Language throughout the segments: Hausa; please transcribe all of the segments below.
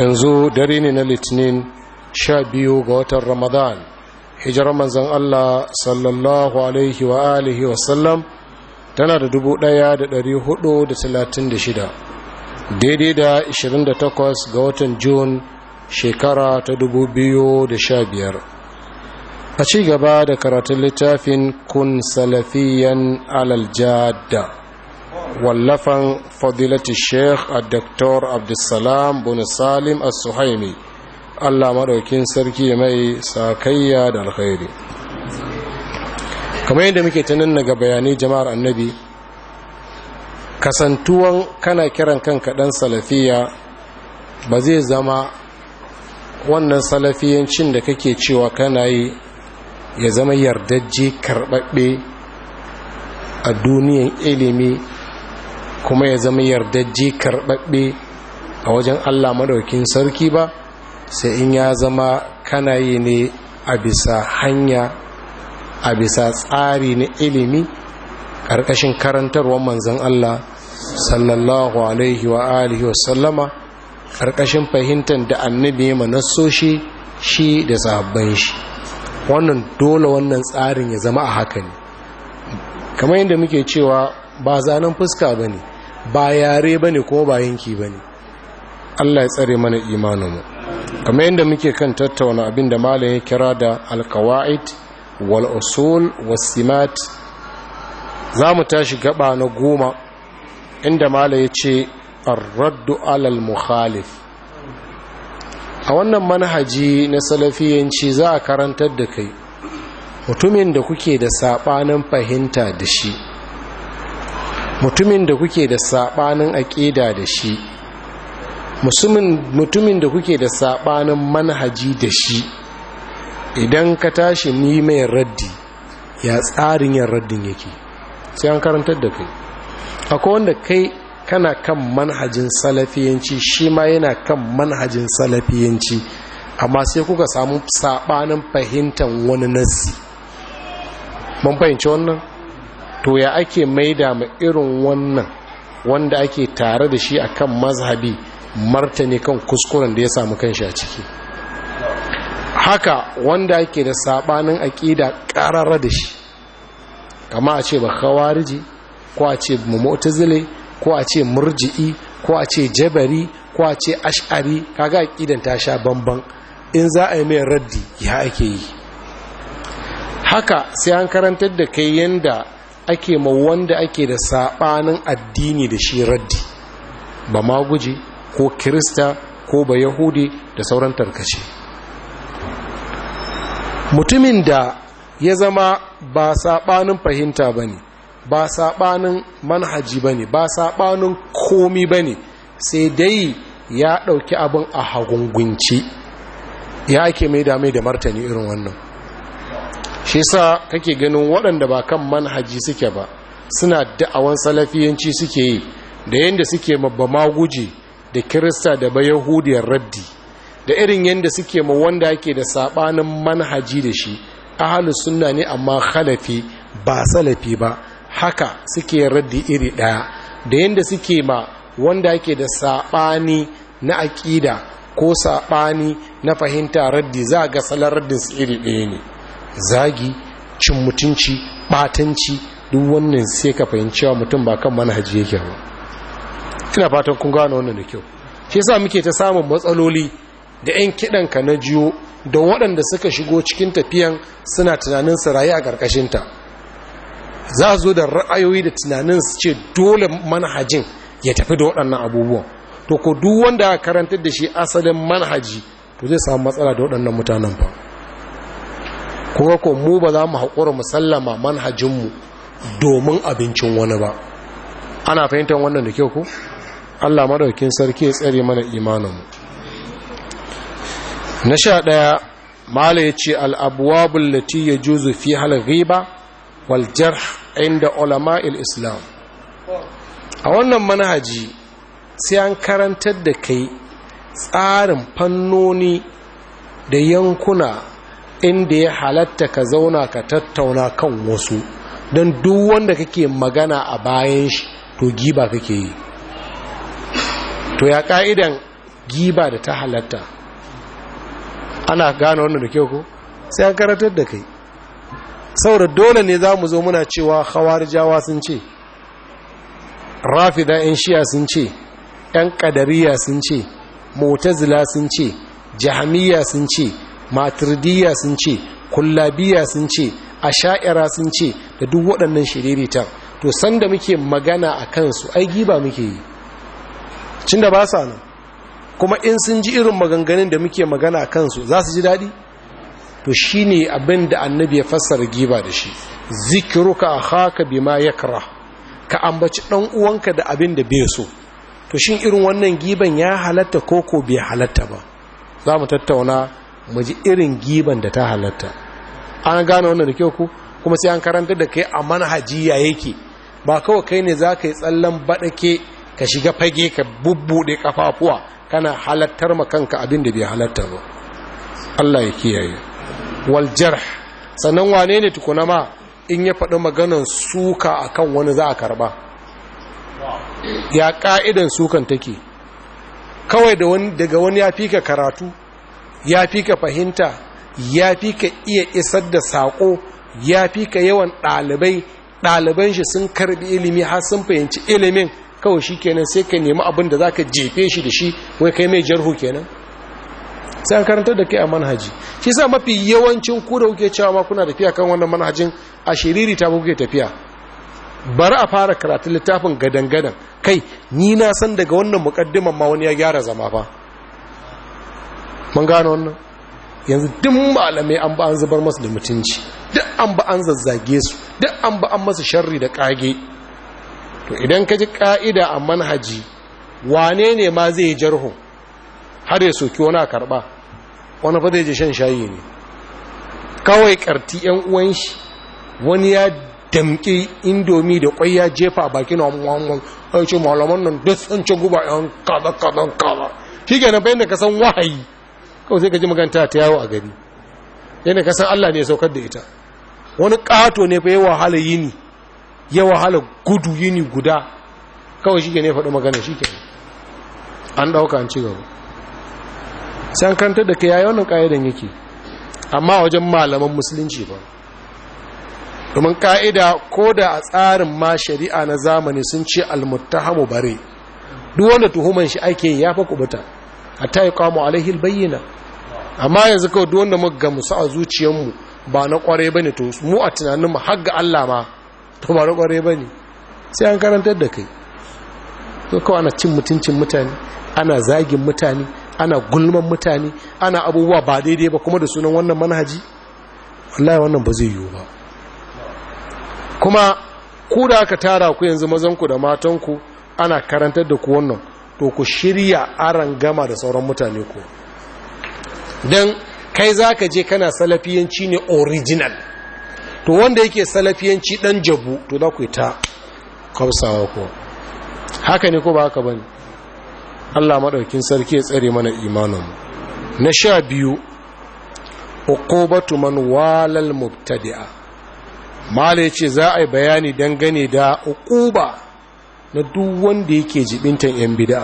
yanzu dare ne na litinin sha biyu ga watan ramadan hijirar manzan allah sallallahu alaihi wa alihi wasallam tana da dubu da hudu da talatin shida, daidai da 28 ga watan Jun shekara ta dubu biyu da sha biyar. a ci gaba da karatun littafin kun salafiyan alaljada wallafan fadilati sheikh a doktor abdulsalam bin salim as-suhaimi allah maɗaukin sarki mai sakayya da alkhairi kamar yadda muke tunan daga bayanai jama'ar annabi kasantuwan kana kiran kanka ɗan salafiya ba zai zama wannan salafiyancin da kake cewa kana yi ya zama yardajje karɓaɓɓe a duniyan ilimi kuma ya zama yardajji karɓaɓɓe a wajen allah maɗaukin sarki ba sai in ya zama kana yi ne a bisa hanya a bisa tsari na ilimi ƙarƙashin karantarwar manzan allah sallallahu alaihi wa alihi wasallama ƙarƙashin fahimtar da annabi ma nassoshi shi da sahabban shi wannan dole wannan tsarin ya zama a haka ne kamar yadda muke cewa ba zanen fuska ba ne ba yare ba ne ko ba yanki ba ne allah ya tsare mana imaninmu kamar yadda muke kan tattauna abin da malam ya kira da alkawa'id wal wasimat za mu tashi gaba na goma inda malam ya ce arraddu alal muhalif a wannan manhaji na salafiyanci za a karantar da kai mutumin da kuke da saɓanin fahimta da shi mutumin da kuke da sabanin aƙida da shi mutumin da kuke da sabanin manhaji da shi idan ka tashi ni mai raddi ya tsarin yin raddin yake sai an karantar da kai akwai wanda kai kana kan manhajin salafiyanci shi ma yana kan manhajin salafiyanci amma sai kuka samu sabanin fahimtar wani nassi mun fahimci wannan to ya ake maida ma irin wannan wanda ake tare da shi akan mazhabi martani kan kuskuren da ya samu shi a ciki haka wanda ake da sabanin aƙida ƙarara da shi kama a ce ba khawariji ko a ce mu'tazile ko a ce murji'i ko a ce jabari ko a ce ash'ari kaga aƙidan ta sha bamban in za a yi mai raddi ya ake yi haka sai an karantar da kai yanda ake ma wanda ake da saɓanin addini da shi raddi ba ma ko kirista ko ba yahudi da sauran tarkace mutumin da ya zama ba saɓanin fahimta ba ne ba saɓanin manhaji ba ne ba saɓanin komi ba ne sai dai ya ɗauki abin a hagungunci ya ake mai da mai da martani irin wannan shi sa kake ganin waɗanda ba kan manhaji suke ba suna da'awan salafiyanci suke yi da yadda suke mabba maguji da kirista da bayahudiyar raddi da irin yadda suke ma wanda ake da sabanin manhaji da shi ahalus sunna ne amma khalafi ba salafi ba haka suke raddi iri ɗaya da yadda suke ma wanda ake da sabani na aƙida ko sabani na fahimta raddi za ga salar raddin su iri ɗaya ne zagi cin mutunci batanci duk wannan sai ka fahimci wa mutum ba kan manhaji yake ba ina fatan kun gano wannan da kyau shi yasa muke ta samun matsaloli da 'yan kiɗan ka na jiyo da waɗanda suka shigo cikin tafiyan suna tunanin su rayu a ta za zo da ra'ayoyi da tunanin su ce dole manhajin ya tafi da waɗannan abubuwan to ko duk wanda karantar da shi asalin manhaji to zai samu matsala da waɗannan mutanen ba kuma ko mu ba za mu haƙura musallama manhajinmu domin abincin wani ba ana fahimtar wannan da kyau ku allah madaukin sarki ya tsare mana imaninmu na sha ɗaya mala ya ce al'abuwabun lati ya juzu fi halghiba waljar inda ulama islam a wannan manhaji sai an karantar da kai tsarin fannoni da yankuna inda ya halatta ka zauna ka tattauna kan wasu don duk wanda kake magana a bayan shi to giba kake yi to ya ka'idan giba da ta halatta ana gane wannan da kyau ko sai an karatar da kai saboda dole ne za mu zo muna cewa hawar jawa sun ce rafida 'yan shiya sun ce 'yan kadariya sun ce motazila sun ce jahamiya sun ce maturidiyya sun ce kullabiya sun ce asha'ira sun ce da duk waɗannan shiriritan to sanda muke magana a kansu ai giba muke yi cin da ba sa nan kuma in sun ji irin maganganun da muke magana a kansu za su ji daɗi to shi ne abin da annabi ya fassara giba da shi zikiruka a haka bi ma yakra ka ambaci ɗan uwanka da abin da bai so to shin irin wannan giban ya halatta ko ko bai halatta ba za mu tattauna mu irin giban da ta halatta an gane wannan da kyau ku kuma sai an karanta da kai a manhaji ya yake ba kawai kai ne za ka yi tsallan baɗake ka shiga fage ka bubbuɗe kafafuwa kana halattar ma kanka abin da bai halatta ba Allah ya kiyaye wal jarh sannan wane ne tukuna ma in ya faɗi maganan suka akan wani za a karba ya ka'idan sukan take kawai daga wani ya fi ka karatu ya fi ka fahimta ya fi ka iya isar da saƙo ya fi ka yawan ɗalibai ɗaliban shi sun karɓi ilimi har sun fahimci ilimin kawai shi kenan sai ka nemi abin da za ka jefe shi da shi wai kai mai jarhu kenan sai an karanta da kai a manhaji shi sa mafi yawancin ku da kuke cewa ma kuna tafiya kan wannan manhajin a shiriri ta kuke tafiya bari a fara karatun littafin gadan-gadan kai ni na san daga wannan mukaddiman ma wani ya gyara zama ba mun gano wannan yanzu duk malamai an ba an zubar masu da mutunci duk an ba an zazzage su duk an ba an masu sharri da kage to idan ka ji ka'ida a manhaji wane ne ma zai yi jarho har ya soki wani a karba wani fa zai ji shan shayi ne kawai karti yan uwan shi wani ya damƙi indomi da kwai ya jefa a bakin wangon ya malaman nan duk sun ci guba yan kaza kaza kaza shi ga na bayan da ka san wahayi kawai sai ka ji maganta ta yawo a gari yana kasan Allah ne ya saukar da ita wani ƙato ne fa ya wahala yini ya wahala gudu yini guda kawai shi ne faɗi magana shi ke an ɗauka an ci gaba san kanta da ka yayi wannan ƙa'idan yake amma wajen malaman musulunci ba domin ƙa'ida ko da a tsarin ma shari'a na zamani sun ce almuttahamu bare duk wanda tuhuman shi ake ya kubuta hatta ya kama alaihil bayyana amma yanzu kawai duk wanda muka gamsu a zuciyarmu ba na kware bane to mu a tunanin mu har Allah ma to ba na kware bane sai an karantar da kai to kawai ana cin mutuncin mutane ana zagin mutane ana gulman mutane ana abubuwa ba daidai ba kuma da sunan wannan manhaji wallahi wannan ba zai yiwu ba kuma ku da aka tara ku yanzu mazanku da matan ku ana karantar da ku wannan to ku shirya aran gama da sauran mutane ku don kai za ka je kana salafiyanci ne original to wanda yake salafiyanci dan jabu to za ku yi ta kausawa ku haka ne ko ba haka ba allah maɗaukin sarki ya tsare mana imanin na sha biyu uqubatu man walal mubtadi'a mala ce za a yi bayani dangane da hukuba na duk wanda yake jibintan yan bid'a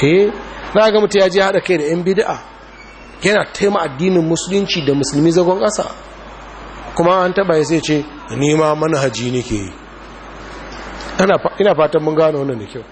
eh na ga mutu ya je haɗa kai da yan bida'a. yana taima addinin musulunci da musulmi zagon kasa. kuma an taba ya sai ce nema manhaji nake ina fatan mun gano wannan da kyau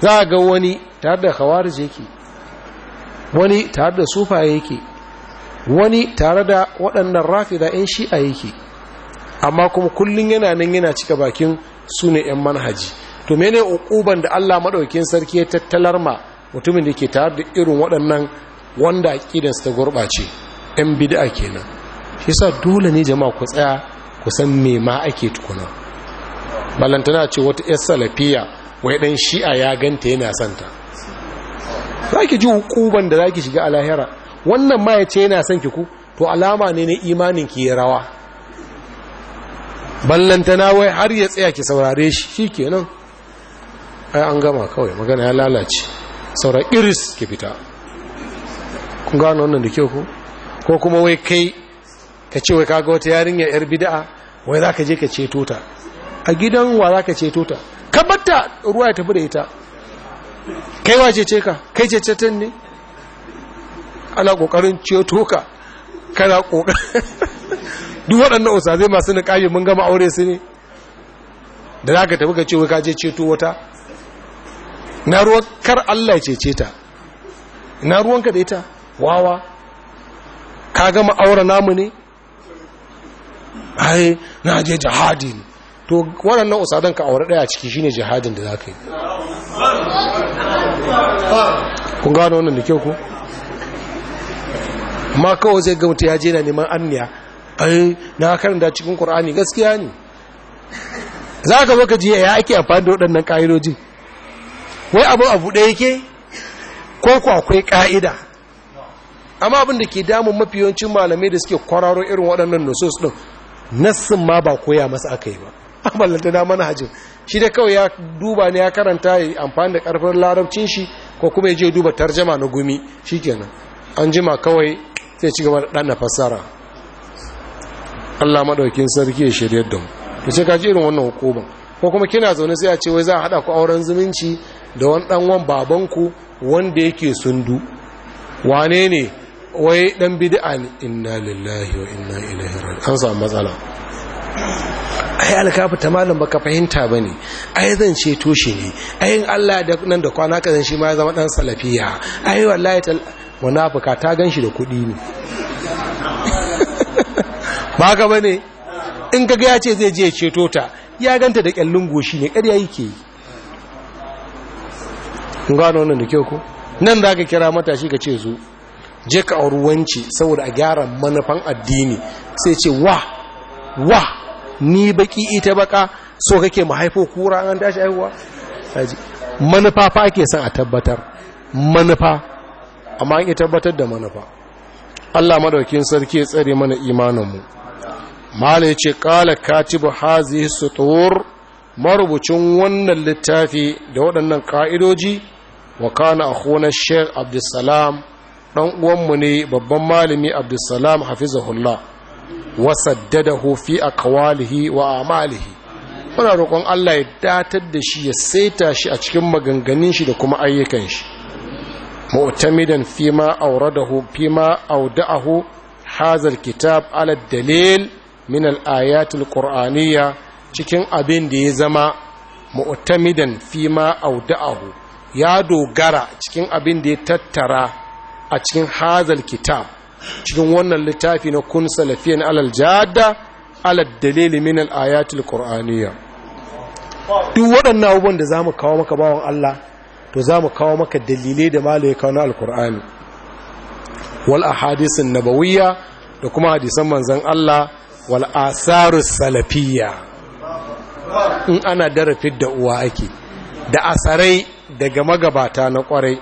za ga wani tare da khawarij yake wani tare da sufa yake wani tare da waɗannan rafida 'yan shi'a yake amma kuma kullum yana nan yana cika bakin su ne 'yan manhaji to mene ukuban da allah maɗaukin sarki ya tattalar ma mutumin da ke tare da irin waɗannan wanda aƙidansu ta gurɓace 'yan bid'a kenan shi sa dole ne jama'a ku tsaya ku san me ma ake tukuna balantana ce wata 'yar salafiya wai ɗan shi'a ya ganta yana santa za ki ji hukuban da za ki shiga alahira wannan ma ya ce yana son ki ku to alama ne na imanin ki ya rawa ballantana wai har ya tsaya ki saurare shi shi kenan ai an gama kawai magana ya lalace saura iris ki fita kun gano wannan da kyau ko ko kuma wai kai ka ce wai kaga wata yarinya yar bid'a wai za ka je ka ceto ta a gidan wa za ka ceto ta ka batta ruwa ya tafi da ita kai wa cece ka kai cece ta ne ana kokarin ceto ka kana kokarin duk waɗannan usazai masu niƙabi mun gama aure su ne da za ka tafi ka ce wai ka je ceto wata na ruwan kar Allah cece ta na ruwanka da ita wawa ka gama aure namu ne ai na je jihadi to waɗannan usadan ka aure ɗaya ciki shine jihadin da za ka yi kun gano wannan da kyau ku ma kawai zai gamta ya je na neman anniya ai na karanta cikin qur'ani gaskiya ne za ka zo ka ji ya ake amfani da waɗannan ƙa'idoji wai abu abu ɗaya yake ko ku akwai ƙa'ida amma abin da ke damun mafi yawancin malamai da suke kwararo irin waɗannan nusus ɗin nassin ma ba koya masa aka yi ba ballanta na manhajin shi da kawai ya duba ne ya karanta ya amfani da ƙarfin larabcin shi ko kuma ya je duba tarjama na gumi shikenan an jima kawai sai ci gaba da ɗan na fassara Allah madaukin sarki ya shiryar da mu kace ka ji irin wannan hukuma ko kuma kina zaune sai a ce wai za a hada ku auren zumunci da wani dan wan babanku wanda yake sundu wane ne wai dan bid'a ne inna lillahi wa inna ilaihi raji'un an samu matsala ai alkafi ta malam baka fahimta bane ai zan ceto shi ne ai Allah da nan da kwana kazan shi ma ya zama dan salafiya ai wallahi munafuka ta ganshi da kuɗi ne ba haka ba ne in kaga ya ce zai je ceto ta ya ganta da kyallin goshi ne ƙarya yake yi gano wannan da kyau ko nan za ka kira matashi ka ce zo je ka auruwanci saboda a gyara manufan addini sai ce wa wa ni baki ita baka so kake mu haifo kura an tashi aihuwa? manufa fa ake son a tabbatar manufa amma an tabbatar da manufa Allah madaukin sarki ya tsare mana imaninmu mala ya ce ƙala katibu hazi sutur marubucin wannan littafi da waɗannan ƙa'idoji wa kana akhuna sheikh abdulsalam ɗan uwanmu ne babban malami abdulsalam hafizahullah wa saddadahu fi aqwalihi wa amalihi muna roƙon Allah ya datar da shi ya saita shi a cikin maganganun shi da kuma ayyukan shi mu'tamidan fima auradahu fima auda'ahu hazal kitab ala dalil من الآيات ayatul cikin abin da ya zama mu'tamidan fi ma auda'ahu ya dogara cikin abin da ya tattara a cikin hazal kitab cikin wannan littafi na kun salafiyan alal jadda alal dalili min al ayatul qur'aniyya duk waɗannan abubuwan da zamu kawo maka bawon Allah to zamu kawo maka dalilai da malai ya kawo na alqur'ani wal ahadisin nabawiyya da kuma hadisan manzon Allah Wal'asarus asaru salafiyya in ana darafin da uwa ake da asarai daga magabata na kwarai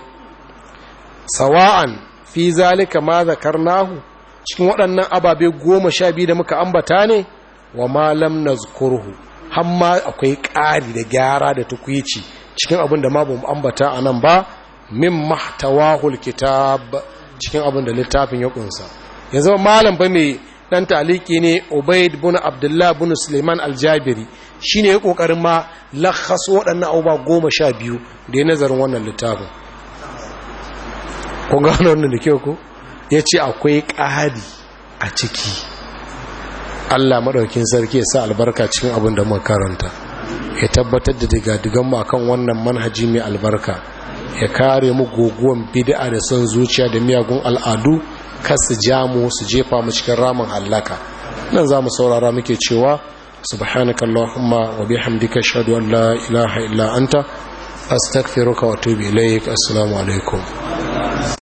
sawa'an fi zalika ma nahu, cikin waɗannan ababe goma sha biyu da muka ambata ne wa malam nazkurhu hamma akwai ƙari da gyara da tukwici cikin abin da ma mu ambata a nan ba min mahtawahul kitab cikin abin da littafin ya ƙunsa, yanzu malam ba mai dan taliki ne ubaid bin abdullah bin suleiman aljabiri shine ya kokarin ma lakhas waɗannan Auba goma sha biyu da ya nazarin wannan littafin Ku gano wannan da kyau ku. ya ce akwai ƙahadi a ciki allah maɗaukin sarki ya sa albarka cikin abin da makaranta ya tabbatar da digadigan mu kan wannan manhaji mai albarka ya kare mu goguwan bid'a da son zuciya da miyagun al'adu kasu jamu su jefa mu cikin ramin hallaka nan za mu saurara muke cewa subhanaka allahumma wa bihamdika ashhadu an la ilaha illa anta astaghfiruka wa atubu ilaik assalamu alaikum